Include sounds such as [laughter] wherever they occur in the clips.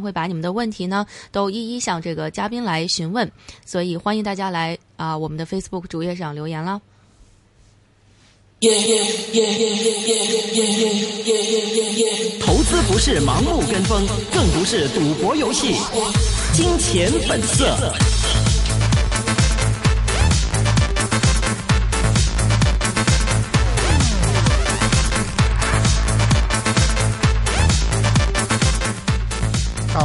會把你們的問題呢都一一向這個嘉賓來詢問，所以歡迎大家來啊、呃、我們的 Facebook 主頁上留言了。投資不是盲目跟風，更不是賭博遊戲，金錢本色。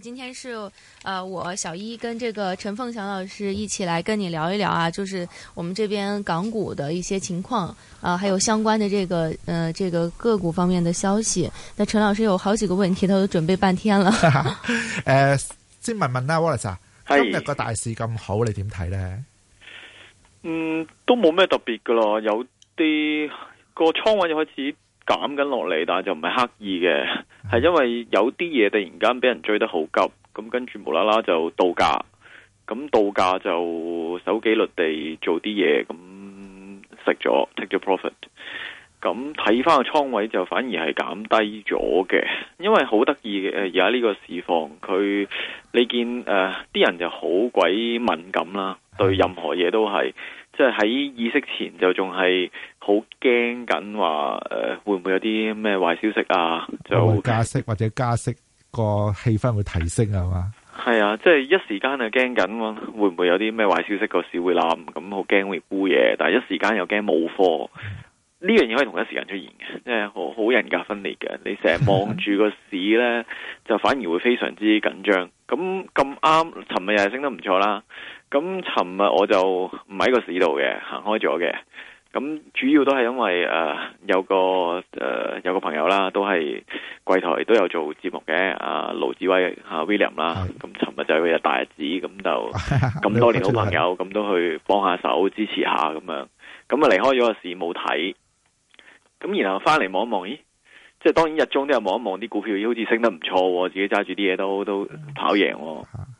今天是，呃，我小姨跟這個陳鳳祥老師一起來跟你聊一聊啊，就是我們這邊港股的一些情況啊，還有相關的這個，呃，這個個股方面的消息。那陳老師有好幾個問題，他都準備半天了。 [laughs] [laughs] [laughs] 呃，先問問啦，Wallace，今日個大市咁好，是你點睇呢？嗯，都冇咩特別噶咯，有啲個倉位就開始。減緊落嚟，但係就唔係刻意嘅，係因為有啲嘢突然間俾人追得好急，咁跟住無啦啦就倒價，咁倒價就守紀律地做啲嘢，咁食咗 take 咗 profit，咁睇翻個倉位就反而係減低咗嘅，因為好得意嘅，而家呢個市況，佢你見誒啲、呃、人就好鬼敏感啦，對任何嘢都係。即係喺議息前就仲係好驚緊，話、呃、誒會唔會有啲咩壞消息啊？就加息或者加息個氣氛會提升係嘛？係 [laughs] 啊，即、就、係、是、一時間就驚緊，會唔會有啲咩壞消息，那個市會冧？咁好驚會沽嘢，但係一時間又驚冇貨。呢樣嘢可以同一時間出現嘅，即係好好人格分裂嘅。你成日望住個市咧，就反而會非常之緊張。咁咁啱，尋日又係升得唔錯啦。咁，尋日我就唔喺個市度嘅，行開咗嘅。咁主要都係因為誒、呃、有個誒、呃、有個朋友啦，都係櫃台都有做節目嘅。阿、啊、盧志威啊 William 啦，咁尋日就係佢日大日子，咁就咁多年好朋友，咁 [laughs] 好都去幫下手支持下咁樣。咁啊，離開咗個市冇睇，咁然後翻嚟望一望，咦，即係當然日中都有望一望啲股票，好似升得唔錯，自己揸住啲嘢都都跑贏喎。嗯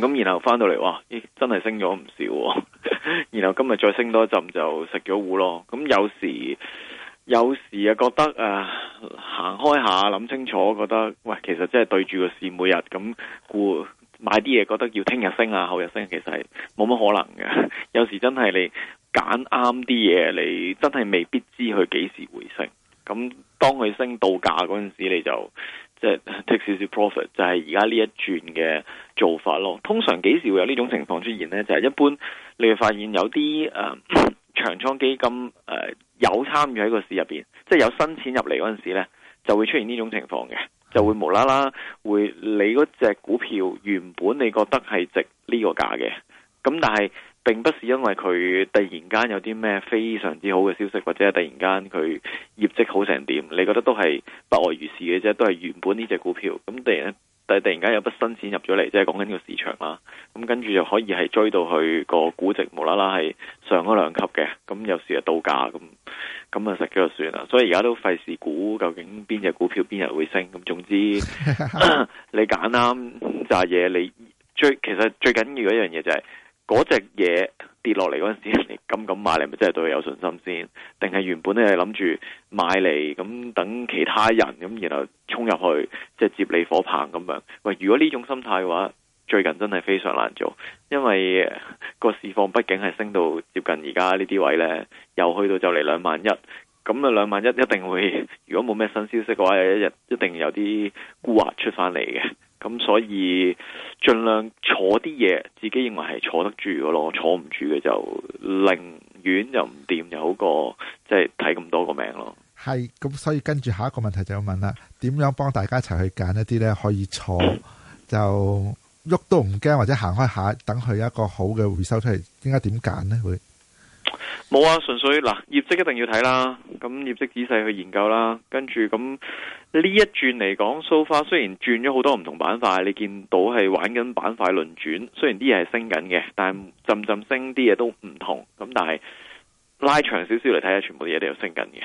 咁、嗯、然後翻到嚟，哇！咦、欸，真係升咗唔少，啊。然後今日再升多一陣，就食咗糊咯。咁有時有時啊，覺得啊、行、呃、開下，諗清楚，覺得喂，其實真係對住個市，每日咁沽買啲嘢，覺得要聽日升啊，後日升，其實係冇乜可能嘅。有時真係你揀啱啲嘢，你真係未必知佢幾時回升。咁、嗯、當佢升到價嗰陣時，你就～即係 take 少少 profit，就係而家呢一轉嘅做法咯。通常幾時會有呢種情況出現呢？就係、是、一般你會發現有啲誒、呃、長倉基金誒、呃、有參與喺個市入邊，即係有新錢入嚟嗰陣時呢，就會出現呢種情況嘅，就會無啦啦會你嗰隻股票原本你覺得係值呢個價嘅，咁但係。並不是因為佢突然間有啲咩非常之好嘅消息，或者係突然間佢業績好成點，你覺得都係不外如是嘅啫，都係原本呢隻股票咁突然，但係突然間有筆新錢入咗嚟，即係講緊呢個市場啦。咁跟住就可以係追到去個估值無啦啦係上咗兩級嘅，咁有時又到價咁，咁啊食咗就算啦。所以而家都費事估究竟邊隻股票邊日會升。咁總之 [laughs] [laughs] 你揀啱，扎嘢你最其實最緊要一樣嘢就係、是。嗰隻嘢跌落嚟嗰陣時，你咁咁買嚟，咪真係對佢有信心先？定係原本咧係諗住買嚟咁等其他人咁，然後衝入去即係、就是、接你火棒咁樣？喂，如果呢種心態嘅話，最近真係非常難做，因為個市況畢竟係升到接近而家呢啲位呢，又去到就嚟兩萬一，咁啊兩萬一一定會，如果冇咩新消息嘅話，一日一定有啲沽劃出返嚟嘅。咁所以，儘量坐啲嘢，自己認為係坐得住嘅咯，坐唔住嘅就寧願就唔掂，就好過即係睇咁多個名咯。係，咁所以跟住下一個問題就要問啦，點樣幫大家一齊去揀一啲咧可以坐就喐都唔驚，或者行開下，等佢有一個好嘅回收出嚟，應該點揀咧會？冇啊，純粹嗱，業績一定要睇啦，咁業績仔細去研究啦，跟住咁呢一轉嚟講，so far 雖然轉咗好多唔同板塊，你見到係玩緊板塊輪轉，雖然啲嘢係升緊嘅，但係浸浸升啲嘢都唔同，咁但係拉長少少嚟睇下，全部啲嘢都係升緊嘅。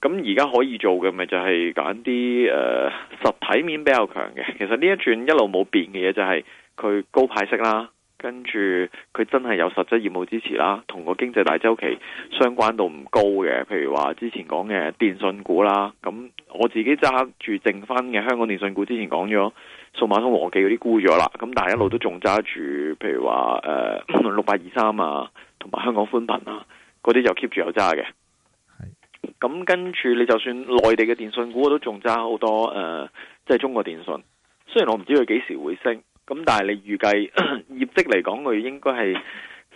咁而家可以做嘅咪就係揀啲誒實體面比較強嘅。其實呢一轉一路冇變嘅嘢就係佢高派息啦。跟住佢真係有實質業務支持啦，同個經濟大周期相關度唔高嘅，譬如話之前講嘅電信股啦，咁我自己揸住剩翻嘅香港電信股，之前講咗數碼通和記嗰啲沽咗啦，咁但係一路都仲揸住，譬如話誒六八二三啊，同埋香港寬頻啊，嗰啲就 keep 住有揸嘅。咁跟住你就算內地嘅電信股，我都仲揸好多誒、呃，即係中國電信，雖然我唔知佢幾時會升。咁、嗯、但係你預計業績嚟講，佢應該係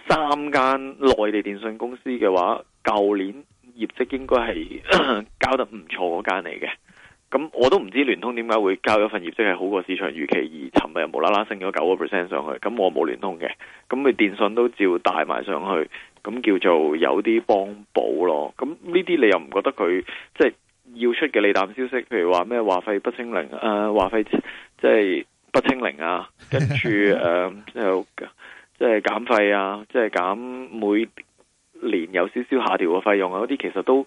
三間內地電信公司嘅話，舊年業績應該係交得唔錯嗰間嚟嘅。咁、嗯、我都唔知聯通點解會交一份業績係好過市場預期，而尋日又無啦啦升咗九個 percent 上去。咁、嗯、我冇聯通嘅，咁、嗯、佢電信都照帶埋上去，咁、嗯、叫做有啲幫補咯。咁呢啲你又唔覺得佢即係要出嘅利淡消息，譬如話咩話費不清零，誒、呃、話費即係。不清零啊，跟住誒即係減費啊，即係減每年有少少下調嘅費用啊，嗰啲其實都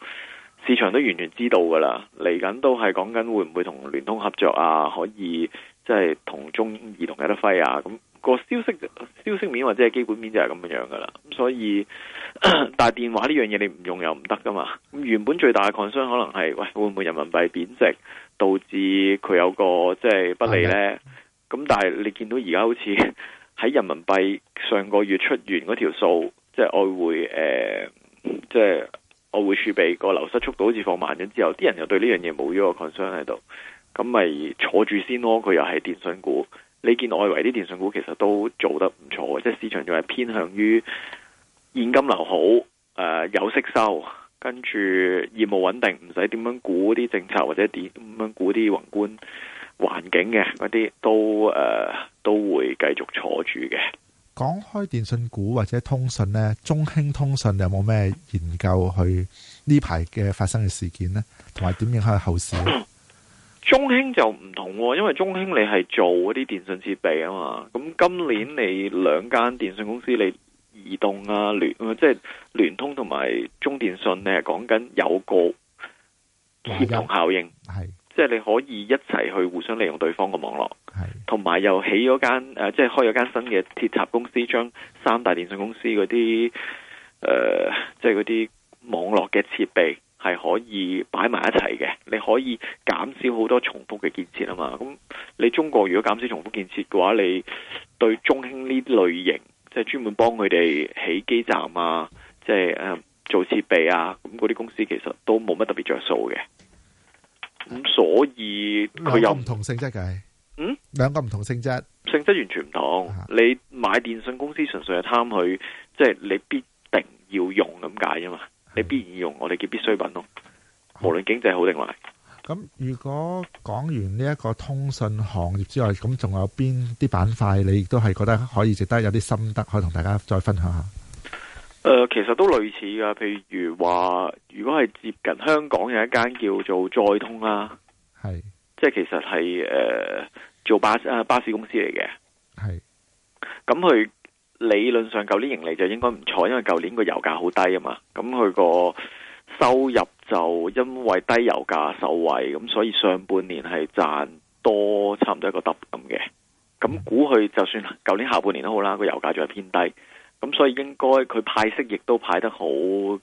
市場都完全知道噶啦。嚟緊都係講緊會唔會同聯通合作啊，可以即係、就是、同中移動有得費啊。咁、那個消息消息面或者係基本面就係咁樣樣噶啦。咁所以， [coughs] 但係電話呢樣嘢你唔用又唔得噶嘛。咁原本最大嘅 concern 可能係喂會唔會人民幣貶值，導致佢有個即係、就是、不利呢？咁但係你見到而家好似喺人民幣上個月出完嗰條數，即係外匯誒，即係外匯儲備個流失速度好似放慢咗之後，啲人又對呢樣嘢冇咗個 concern 喺度，咁咪坐住先咯。佢又係電信股，你見外圍啲電信股其實都做得唔錯嘅，即係市場仲係偏向於現金流好，誒、呃、有息收，跟住業務穩定，唔使點樣估啲政策或者點點樣估啲宏觀。環境嘅嗰啲都誒、呃、都會繼續坐住嘅。講開電信股或者通訊呢，中興通訊有冇咩研究去呢排嘅發生嘅事件呢？同埋點影響後市？中興就唔同，因為中興你係做嗰啲電信設備啊嘛。咁今年你兩間電信公司，你移動啊，聯，即係聯通同埋中電信，你係講緊有個協同效應係。即係你可以一齊去互相利用對方嘅網絡，同埋的又起咗間誒，即係開咗間新嘅鐵塔公司，將三大電信公司嗰啲誒，即係嗰啲網絡嘅設備係可以擺埋一齊嘅。你可以減少好多重複嘅建設啊嘛。咁你中國如果減少重複建設嘅話，你對中興呢類型，即係專門幫佢哋起基站啊，即係誒做設備啊，咁嗰啲公司其實都冇乜特別着數嘅。咁所以佢有唔同性質嘅，嗯，兩個唔同性質，性質完全唔同。的你買電信公司純粹係貪佢，即係你必定要用咁解啫嘛，你必然要用，我哋嘅必需品咯。的無論經濟好定壞。咁如果講完呢一個通訊行業之外，咁仲有邊啲板塊，你亦都係覺得可以值得有啲心得，可以同大家再分享下？誒、呃，其實都類似噶，譬如話，如果係接近香港有一間叫做載通啦，啊，係是，即係其實係誒、呃、做巴士巴士公司嚟嘅，係是。咁佢理論上舊年盈利就應該唔錯，因為舊年個油價好低啊嘛，咁佢個收入就因為低油價受惠，咁所以上半年係賺多差唔多一個 double 咁嘅。咁估佢就算舊年下半年都好啦，個油價仲係偏低。咁所以應該佢派息亦都派得好，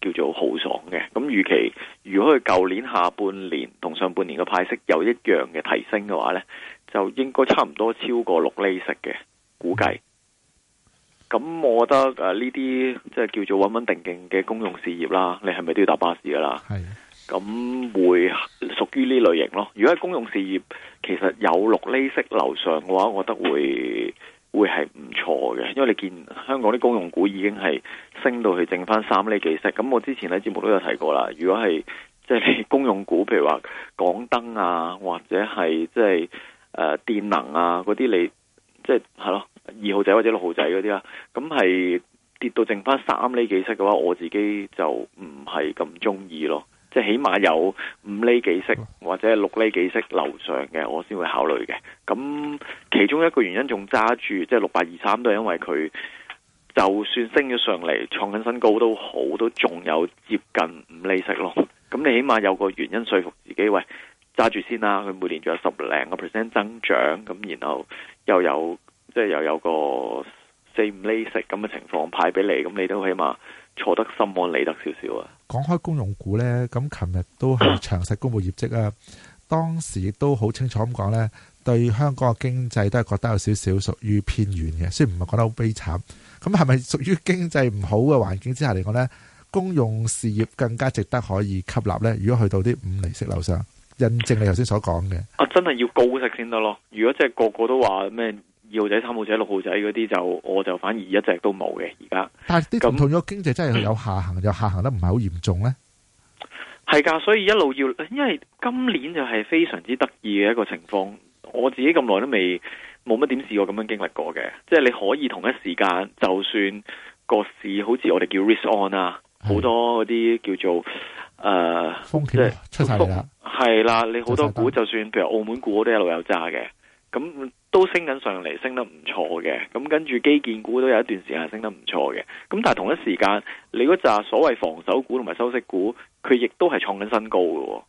叫做好爽嘅。咁預期如果佢舊年下半年同上半年嘅派息有一樣嘅提升嘅話呢，就應該差唔多超過六厘息嘅估計。咁我覺得誒呢啲即係叫做穩穩定定嘅公用事業啦，你係咪都要搭巴士噶啦？係的。咁會屬於呢類型咯。如果係公用事業，其實有六厘息樓上嘅話，我覺得會。會係唔錯嘅，因為你見香港啲公用股已經係升到去剩翻三厘幾息，咁我之前喺節目都有提過啦。如果係即係你公用股，譬如話港燈啊，或者係即係誒電能啊嗰啲，你即係係咯二號仔或者六號仔嗰啲啦，咁係跌到剩翻三厘幾息嘅話，我自己就唔係咁中意咯。即係起碼有五厘幾息或者六厘幾息樓上嘅，我先會考慮嘅。咁其中一個原因仲揸住，即係六百二三都係因為佢就算升咗上嚟創緊新高都好，都仲有接近五厘息咯。咁你起碼有個原因説服自己，喂，揸住先啦。佢每年仲有十零個 percent 增長，咁然後又有即係又有個四五厘息咁嘅情況派俾你，咁你都起碼。坐得心安理得少少啊！講開公用股咧，咁琴日都係詳細公布業績啊。 [coughs] 當時亦都好清楚咁講咧，對香港嘅經濟都係覺得有少少屬於偏遠嘅，雖然唔係講得好悲慘。咁係咪屬於經濟唔好嘅環境之下嚟講咧？公用事業更加值得可以吸納咧？如果去到啲五厘息樓上，印證你頭先所講嘅。啊，真係要高息先得咯！如果真係個個都話咩？二號仔、三號仔、六號仔嗰啲就，我就反而一直都冇嘅，而家。但係啲咁同咗經濟真係有下行，嗯、又下行得唔係好嚴重咧？係噶，所以一路要，因為今年就係非常之得意嘅一個情況。我自己咁耐都未冇乜點試過咁樣經歷過嘅。即係你可以同一時間，就算個市好似我哋叫 risk on 啊，好多嗰啲叫做誒，即係出晒啦，係啦，你好多股就算譬如澳門股都一路有揸嘅。咁都升緊上嚟，升得唔錯嘅。咁跟住基建股都有一段時間升得唔錯嘅。咁但係同一時間，你嗰扎所謂防守股同埋收息股，佢亦都係創緊新高嘅。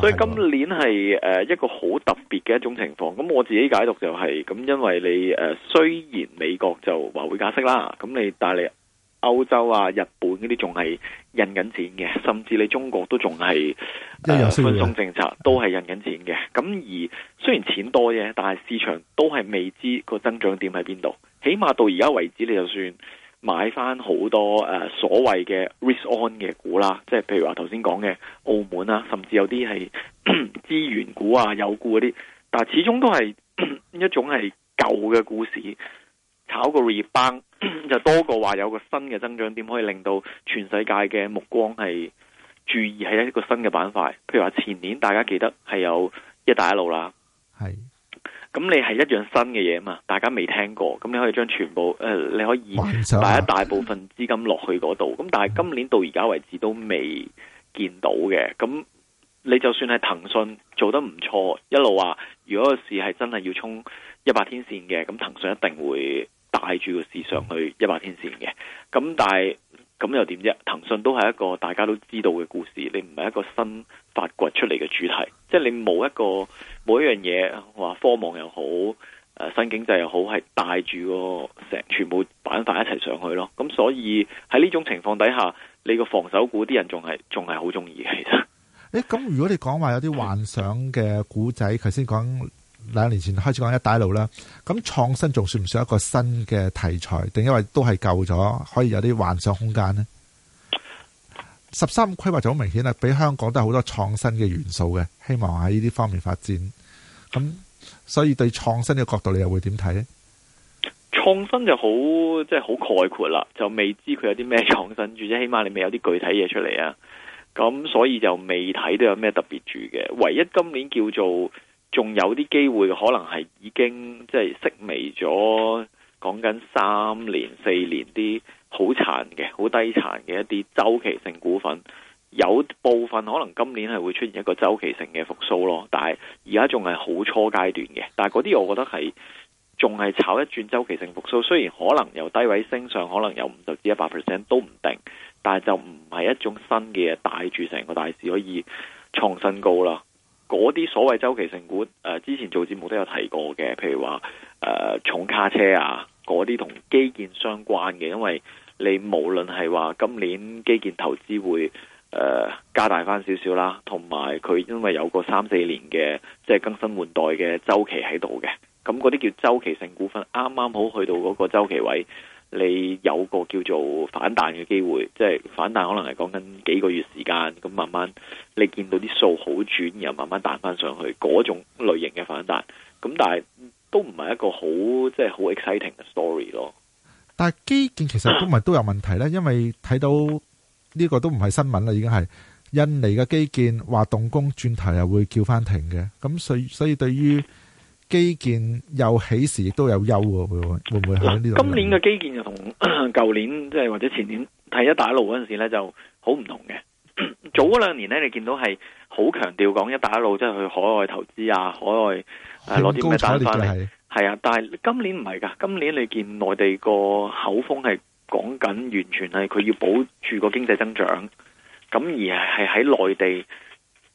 所以今年係誒一個好特別嘅一種情況。咁我自己解讀就係、是，咁因為你誒雖然美國就話會加息啦，咁你但係你。歐洲啊、日本嗰啲仲係印緊錢嘅，甚至你中國都仲係誒，寬鬆政策都，都係印緊錢嘅。咁而雖然錢多啫，但係市場都係未知個增長點喺邊度。起碼到而家為止，你就算買翻好多誒、呃、所謂嘅 risk on 嘅股啦，即係譬如話頭先講嘅澳門啊，甚至有啲係資源股啊、有股嗰啲，但係始終都係 [coughs] 一種係舊嘅故事。炒個 reboun [coughs] d 就多過話有個新嘅增長點，可以令到全世界嘅目光係注意喺一個新嘅板塊。譬如話前年大家記得係有一帶一路啦，係咁是你係一樣新嘅嘢嘛？大家未聽過，咁你可以將全部誒、呃、你可以帶一大部分資金落去嗰度。咁 [laughs] 但係今年到而家為止都未見到嘅，咁你就算係騰訊做得唔錯，一路話如果個市係真係要衝一百天線嘅，咁騰訊一定會。帶住個事上去一百天線嘅，咁但係咁又點啫？騰訊都係一個大家都知道嘅故事，你唔係一個新發掘出嚟嘅主題，即係你冇一個冇一樣嘢，話科網又好，誒，新經濟又好，係帶住個成全部板塊一齊上去咯。咁所以喺呢種情況底下，你個防守股啲人仲係仲係好中意嘅。其實，誒，咁如果你講話有啲幻想嘅股仔，頭先講。兩年前開始講一帶一路啦，咁創新仲算唔算一個新嘅題材？定因為都係舊咗，可以有啲幻想空間呢？十三規劃就好明顯啦，俾香港都係好多創新嘅元素嘅，希望喺呢啲方面發展。咁所以對創新嘅角度，你又會點睇呢？創新就好，即係好概括啦，就未知佢有啲咩創新住啫，起碼你未有啲具體嘢出嚟啊。咁所以就未睇都有咩特別住嘅，唯一今年叫做。仲有啲機會，可能係已經即係息微咗，講緊三年四年啲好殘嘅、好低殘嘅一啲周期性股份，有部分可能今年係會出現一個周期性嘅復甦咯。但係而家仲係好初階段嘅，但係嗰啲我覺得係仲係炒一轉周期性復甦，雖然可能由低位升上，可能有五十至一百 percent 都唔定，但係就唔係一種新嘅嘢帶住成個大市可以創新高啦。嗰啲所謂周期性股，誒、呃、之前做節目都有提過嘅，譬如話誒、呃、重卡車啊，嗰啲同基建相關嘅，因為你無論係話今年基建投資會誒、呃、加大翻少少啦，同埋佢因為有個三四年嘅即係更新換代嘅周期喺度嘅，咁嗰啲叫周期性股份，啱啱好去到嗰個周期位。你有個叫做反彈嘅機會，即係反彈可能係講緊幾個月時間，咁慢慢你見到啲數好轉，然後慢慢彈翻上去嗰種類型嘅反彈，咁但係都唔係一個好即係好 exciting 嘅 story 咯。但係基建其實都唔係都有問題咧， [coughs] 因為睇到呢個都唔係新聞啦，已經係印尼嘅基建話動工，轉頭又會叫翻停嘅，咁所以所以對於。基建有起時亦都有休喎，會唔會？嗱，今年嘅基建就同舊年即係或者前年睇一帶一路嗰陣時咧，就好唔同嘅。早嗰兩年咧，你見到係好強調講一帶一路，即係去海外投資啊，海外誒攞啲咩單翻嚟。係啊，但係今年唔係噶，今年你見內地個口風係講緊，完全係佢要保住個經濟增長，咁而係喺內地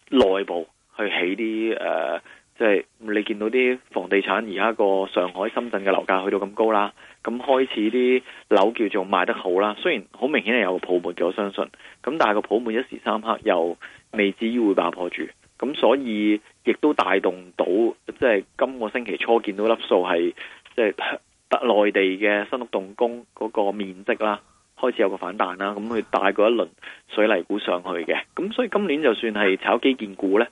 內部去起啲誒。呃即係你見到啲房地產而家個上海、深圳嘅樓價去到咁高啦，咁開始啲樓叫做賣得好啦。雖然好明顯係有個泡沫嘅，我相信。咁但係個泡沫一時三刻又未至於會爆破住，咁所以亦都帶動到即係今個星期初見到粒數係即係得內地嘅新屋動工嗰個面積啦，開始有個反彈啦。咁佢帶過一輪水泥股上去嘅，咁所以今年就算係炒基建股呢。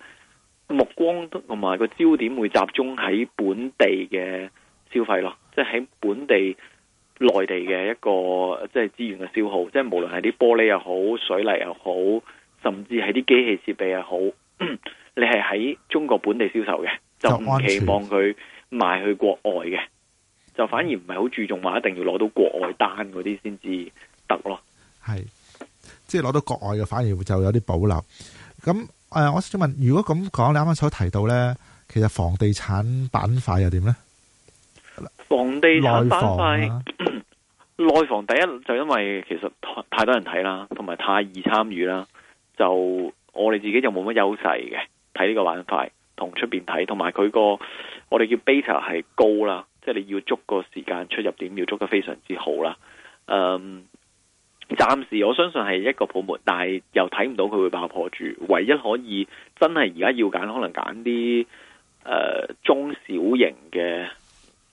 目光同埋個焦點會集中喺本地嘅消費咯，即係喺本地內地嘅一個即係資源嘅消耗，即係無論係啲玻璃又好，水泥又好，甚至係啲機器設備又好， [coughs] 你係喺中國本地銷售嘅，就唔期望佢賣去國外嘅，就反而唔係好注重話一定要攞到國外單嗰啲先至得咯，係，即係攞到國外嘅反而就有啲保留，咁。誒、呃，我想問，如果咁講，你啱啱所提到呢，其實房地產板塊又點呢？房地產板塊內房、啊、 [coughs] 內房第一就因為其實太多人睇啦，同埋太易參與啦，就我哋自己就冇乜優勢嘅睇呢個板塊，同出邊睇，同埋佢個我哋叫 beta 係高啦，即係你要捉個時間出入點要捉得非常之好啦，嗯。暫時我相信係一個泡沫，但係又睇唔到佢會爆破住。唯一可以真係而家要揀，可能揀啲誒中小型嘅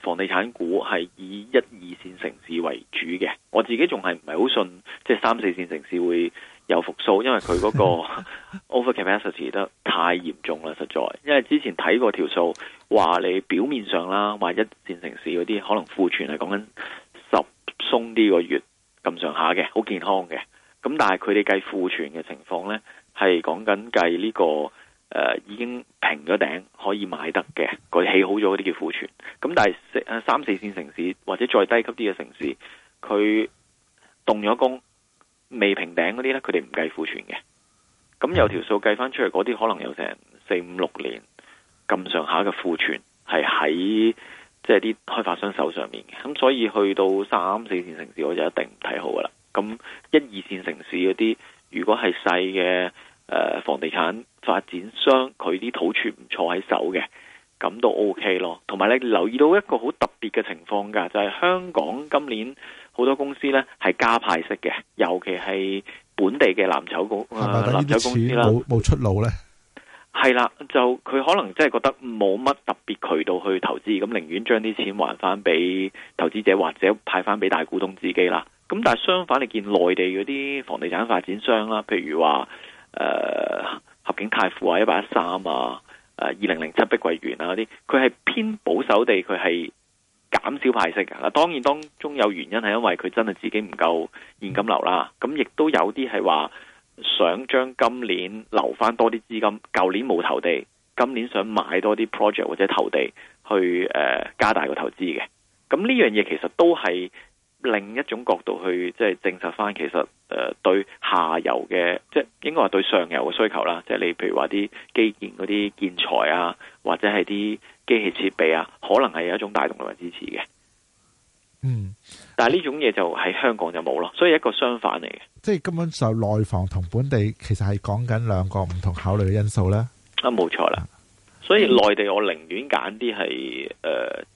房地產股，係以一二線城市為主嘅。我自己仲係唔係好信，即係三四線城市會有復甦，因為佢嗰個 overcapacity 得太嚴重啦，實在。因為之前睇過條數，話你表面上啦，話一線城市嗰啲可能庫存係講緊十鬆啲個月。咁上下嘅，好健康嘅。咁但係佢哋計庫存嘅情況呢，係講緊計呢個誒、呃，已經平咗頂可以買得嘅，佢起好咗嗰啲叫庫存。咁但係三四線城市或者再低級啲嘅城市，佢動咗工未平頂嗰啲呢，佢哋唔計庫存嘅。咁有條數計翻出嚟，嗰啲可能有成四五六年咁上下嘅庫存，係喺。即係啲開發商手上面嘅，咁所以去到三四線城市我就一定唔睇好噶啦。咁一二線城市嗰啲，如果係細嘅誒房地產發展商，佢啲土儲唔坐喺手嘅，咁都 OK 咯。同埋你留意到一個好特別嘅情況㗎，就係香港今年好多公司呢係加派息嘅，尤其係本地嘅藍籌股啊，藍籌公司啦，冇出路咧。係啦，就佢可能真係覺得冇乜特別渠道去投資，咁寧願將啲錢還翻俾投資者或者派翻俾大股東自己啦。咁但係相反，你見內地嗰啲房地產發展商啦，譬如話，誒、呃、合景泰富啊、一百一三啊、誒二零零七碧桂園啊嗰啲，佢係偏保守地，佢係減少派息嘅。嗱，當然當中有原因係因為佢真係自己唔夠現金流啦。咁亦都有啲係話，想將今年留翻多啲資金，舊年冇投地，今年想買多啲 project 或者投地，去誒加大個投資嘅。咁呢樣嘢其實都係另一種角度去即係證實翻，其實誒對下游嘅，即係應該話對上游嘅需求啦。即係你譬如話啲基建嗰啲建材啊，或者係啲機器設備啊，可能係有一種帶動同埋支持嘅。嗯，但係呢種嘢就喺香港就冇咯，所以一個相反嚟嘅。即係根本就內房同本地其實係講緊兩個唔同考慮嘅因素啦。啊，冇錯啦。所以內地我寧願揀啲係誒，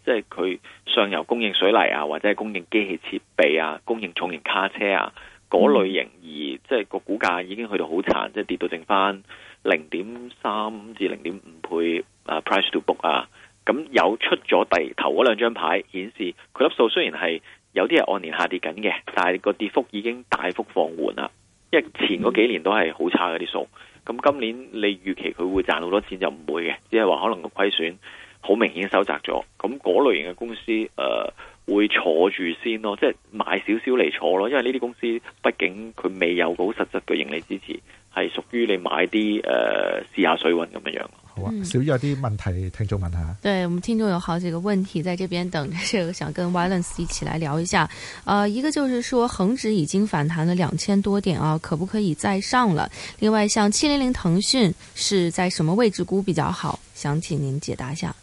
即係佢上游供應水泥啊，或者係供應機器設備啊，供應重型卡車啊嗰類型而，而、嗯、即係個股價已經去到好殘，即係跌到剩翻零點三至零點五倍啊，Price to book 啊。咁有出咗第頭嗰兩張牌，顯示佢粒數雖然係有啲係按年下跌緊嘅，但係個跌幅已經大幅放緩啦。因為前嗰幾年都係好差嗰啲數，咁今年你預期佢會賺好多錢就唔會嘅，只係話可能個虧損好明顯收窄咗。咁嗰類型嘅公司誒、呃、會坐住先咯，即係買少少嚟坐咯，因為呢啲公司畢竟佢未有好實質嘅盈利支持，係屬於你買啲誒、呃、試下水溫咁樣樣。嗯、少有啲問題聽眾問下，對我們聽眾有好幾個問題，在這邊等着， [laughs] 想跟 Wallace 一起來聊一下。呃，一個就是說，恒指已經反彈了兩千多點啊，可不可以再上了？另外，像七零零騰訊是在什麼位置沽比較好？想請您解答一下。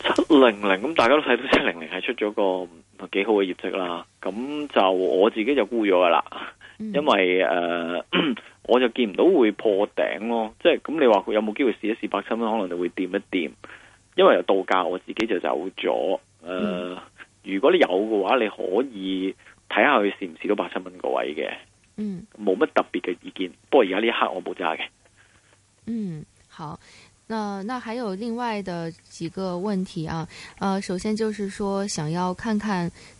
七零零，七零零，咁大家都睇到七零零係出咗個幾好嘅業績啦。咁就我自己就沽咗㗎喇，嗯、因為誒。呃我就見唔到會破頂咯，即係咁你話佢有冇機會試一試八七蚊，可能就會掂一掂。因為到價我自己就走咗。誒，如果你有嘅話，你可以睇下佢試唔試到八七蚊個位嘅。嗯，冇乜特別嘅意見。不過而家呢一刻我冇揸嘅。嗯，好。那那還有另外的幾個問題啊。呃，首先就是說，想要看看。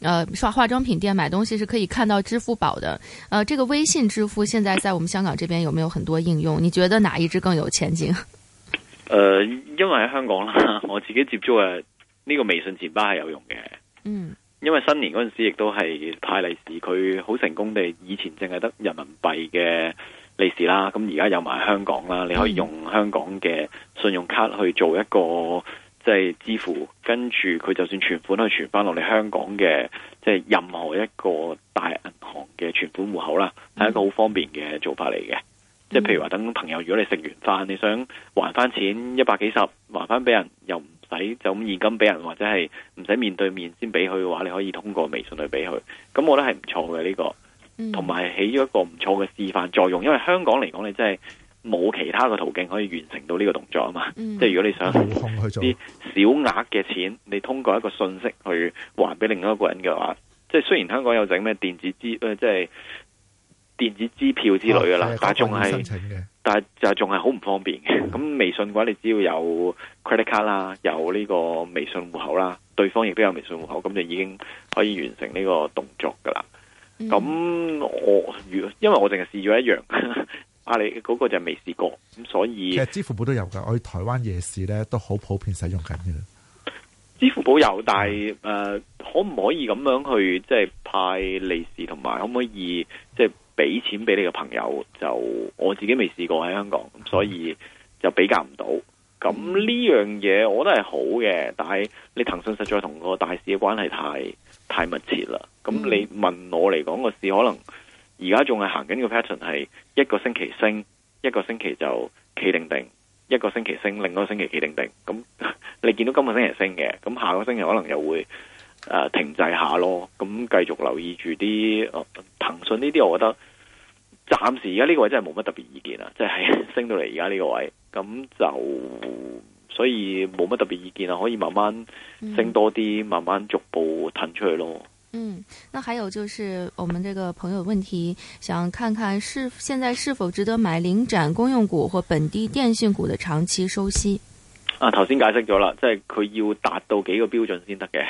誒，刷、呃、化妝品店買東西是可以看到支付寶的，誒、呃，這個微信支付現在在我們香港這邊有沒有很多應用？你覺得哪一支更有前景？誒、呃，因為喺香港啦，我自己接觸嘅呢個微信錢包係有用嘅，嗯，因為新年嗰陣時亦都係派利是，佢好成功地，以前淨係得人民幣嘅利是啦，咁而家有埋香港啦，你可以用香港嘅信用卡去做一個。即係支付，跟住佢就算存款都係存翻落嚟香港嘅，即係任何一個大銀行嘅存款戶口啦，係 mm hmm. 一個好方便嘅做法嚟嘅。即係譬如話，等朋友，如果你食完飯，你想還翻錢一百幾十，還翻俾人又唔使就咁現金俾人，或者係唔使面對面先俾佢嘅話，你可以通過微信去俾佢。咁我覺得係唔錯嘅呢個，同埋起咗一個唔錯嘅示範作用，因為香港嚟講你真係。冇其他嘅途徑可以完成到呢個動作啊嘛，嗯、即係如果你想啲小額嘅錢，嗯、你通過一個訊息去還俾另外一個人嘅話，即係雖然香港有整咩電子支、呃、即係電子支票之類噶啦，哦、但係仲係，的但係就係仲係好唔方便。咁、嗯、微信嘅話，你只要有 credit card 啦，有呢個微信戶口啦，對方亦都有微信戶口，咁就已經可以完成呢個動作噶啦。咁我、嗯，因為我淨係試咗一樣。嗯阿、啊、你嗰個就未試過，咁所以其實支付寶都有噶，我喺台灣夜市咧都好普遍使用緊嘅。支付寶有，但係誒、嗯呃、可唔可以咁樣去即係、就是、派利是，同埋可唔可以即係俾錢俾你個朋友？就我自己未試過喺香港，所以就比較唔到。咁呢、嗯、樣嘢，我覺得係好嘅，但係你騰訊實在同個大市嘅關係太太密切啦。咁你問我嚟講個事，嗯、可能。而家仲係行緊呢個 pattern 係一個星期升，一個星期就企定定，一個星期升，另一個星期企定定。咁你見到今個星期升嘅，咁下個星期可能又會誒停滯下咯。咁繼續留意住啲、啊、騰訊呢啲，我覺得暫時而家呢個位真係冇乜特別意見啦。即係升到嚟而家呢個位，咁就所以冇乜特別意見啦。可以慢慢升多啲，慢慢逐步褪出去咯。嗯，那還有就是我們這個朋友問題，想看看是現在是否值得買領展公用股或本地電信股的長期收息？啊，頭先解釋咗啦，即係佢要達到幾個標準先得嘅，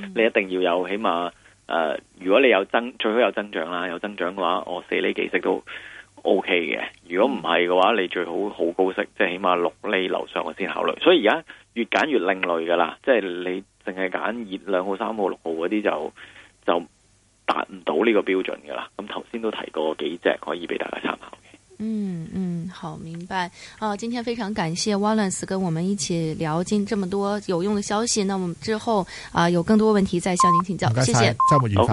嗯、你一定要有起碼誒、呃，如果你有增最好有增長啦，有增長嘅話，我四厘幾息都 OK 嘅。如果唔係嘅話，你最好好高息，即係起碼六厘樓上我先考慮。所以而家越揀越另類噶啦，即係你淨係揀二兩號、三號、六號嗰啲就。就達唔到呢個標準噶啦。咁頭先都提過幾隻可以俾大家參考嘅。嗯嗯，好，明白。啊，今天非常感謝 Wallace 跟我們一起聊盡這麼多有用嘅消息。那我們之後啊有更多問題再向您請教，謝謝。